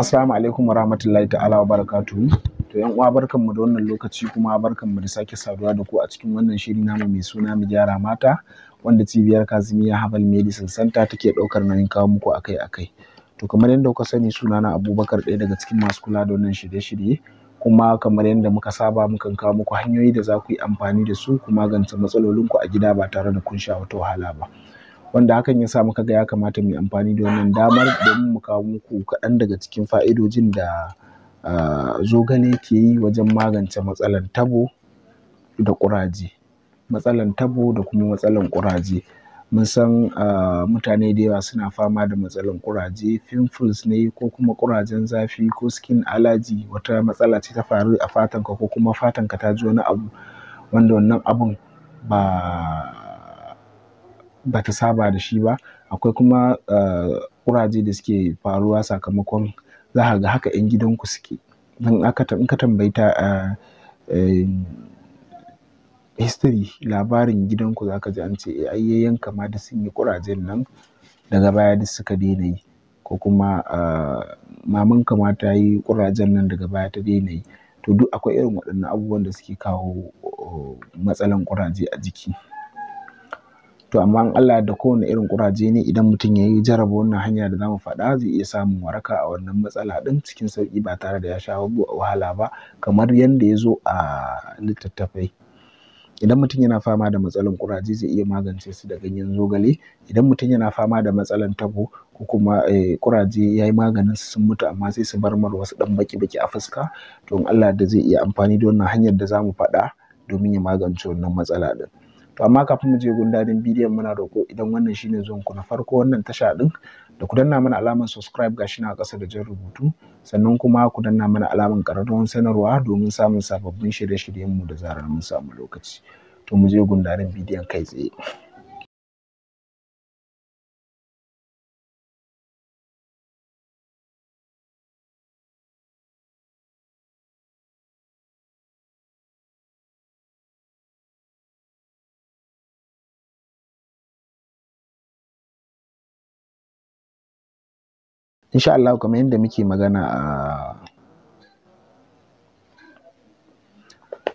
Assalamu alaikum wa rahmatullahi ta'ala wa barakatuhu. To yan uwa mu da wannan lokaci kuma mu da sake saduwa da ku a cikin wannan shiri namu mai suna mu gyara mata wanda cibiyar Kazimiya Habal Medicine Center take ɗaukar nauyin kawo muku akai-akai. To kamar yadda kuka sani suna na Abubakar ɗaya daga cikin masu kula da wannan shirye-shirye kuma kamar yadda muka saba mukan kawo muku hanyoyi da za ku yi amfani da su ku magance matsalolinku a gida ba tare da kun sha wata wahala ba. wanda hakan ya sa muka ga ya kamata mu yi amfani da wannan damar domin mu kawo muku kaɗan daga cikin fa'idojin da zogale ke yi wajen magance matsalan tabo da ƙuraje matsalan tabo da kuma matsalan ƙuraje mun san mutane da yawa suna fama da matsalan kuraje pimples ne ko kuma ƙurajen zafi ko skin allergy wata matsala ce ta faru a fatanka ko kuma fatanka ta ji wani abu wanda wannan abun ba ba ta saba da shi ba akwai kuma ƙuraje eh, da suke faruwa sakamakon za ga haka 'yan gidanku suke in ka tambayi ta eh, eh, history labarin gidanku za ka ji an ce ai yayyan kama da sun yi ƙurajen nan daga baya duk suka daina yi ko kuma maman kama ta yi ƙurajen nan daga baya ta daina yi to duk akwai irin waɗannan abubuwan da suke kawo oh, matsalan ƙuraje a jiki to amma in Allah da kowane irin kuraje ne idan mutum ya yi jarraba wannan hanya da mu faɗa zai iya samun waraka a wannan matsala ɗin cikin sauƙi ba tare da ya sha wahala ba kamar yadda ya zo a littattafai idan mutum yana fama da matsalan kuraje zai iya magance su da ganyen zogale idan mutum yana fama da matsalan tabo ko kuma kuraje eh, ya yi maganin su sun mutu amma sai su bar mar wasu ɗan baki-baki a fuska to in Allah da zai iya amfani da wannan hanyar da zamu faɗa domin ya magance wannan matsala ɗin to amma kafin mu je gundarin bidiyon muna roƙo idan wannan shine zuwan ku na farko wannan tasha din da ku danna mana alamar subscribe gashi na ƙasa da jan rubutu sannan kuma ku danna mana alamar ƙararrawar sanarwa domin samun sababbin shirye-shiryen mu da zarar mun samu lokaci to mu je gundarin bidiyon kai tsaye insha Allah kamar yadda muke magana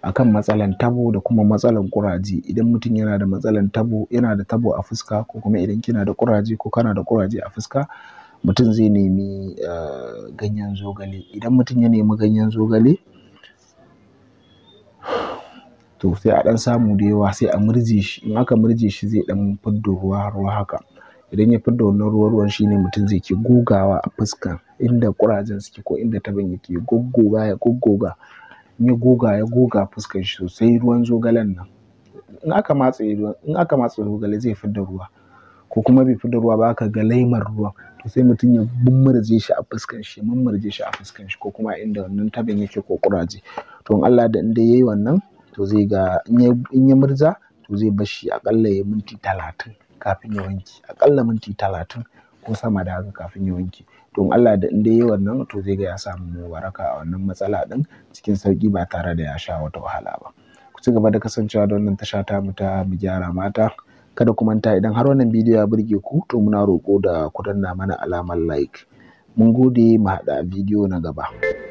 a kan matsalan tabo da kuma matsalan kuraje idan mutum yana da matsalan tabo yana da tabo a fuska ko kuma idan kina da kuraje ko kana da kuraje a fuska mutum zai nemi eh, ganyen zogale idan mutum ya nemi ganyen zogale to sai a ɗan samu da yawa sai a murje shi in aka murje shi zai ɗan fiddo ruwa ruwa haka idan ya fidda wannan ruwa ruwan shine mutum zai ke gogawa a fuska inda ƙurajen suke ko inda taban yake goggoga ya goggoga in ya goga ya goga fuskar shi sosai ruwan zogalen nan in aka matse in aka matse zogale zai fidda ruwa ko kuma bai fidda ruwa ba aka ga laimar ruwan to sai mutum ya mummurje shi a fuskar shi mummurje shi a fuskar shi ko kuma inda wannan tabin yake ko ƙuraje to in Allah da inda yayi wannan to zai ga in ya murza to zai bar shi akalla ya minti talatin kafin ya wanke akalla minti talatin ko sama da haka kafin ya wanke to in Allah da inda dai yayi wannan to zai ga ya samu waraka a wannan matsala din cikin sauki ba tare da ya sha wata wahala ba ku ci gaba da kasancewa da wannan tasha ta mu ta mu gyara mata kada ku manta idan har wannan bidiyo ya burge ku to muna roƙo da ku danna mana alamar like mun gode mu haɗa bidiyo na gaba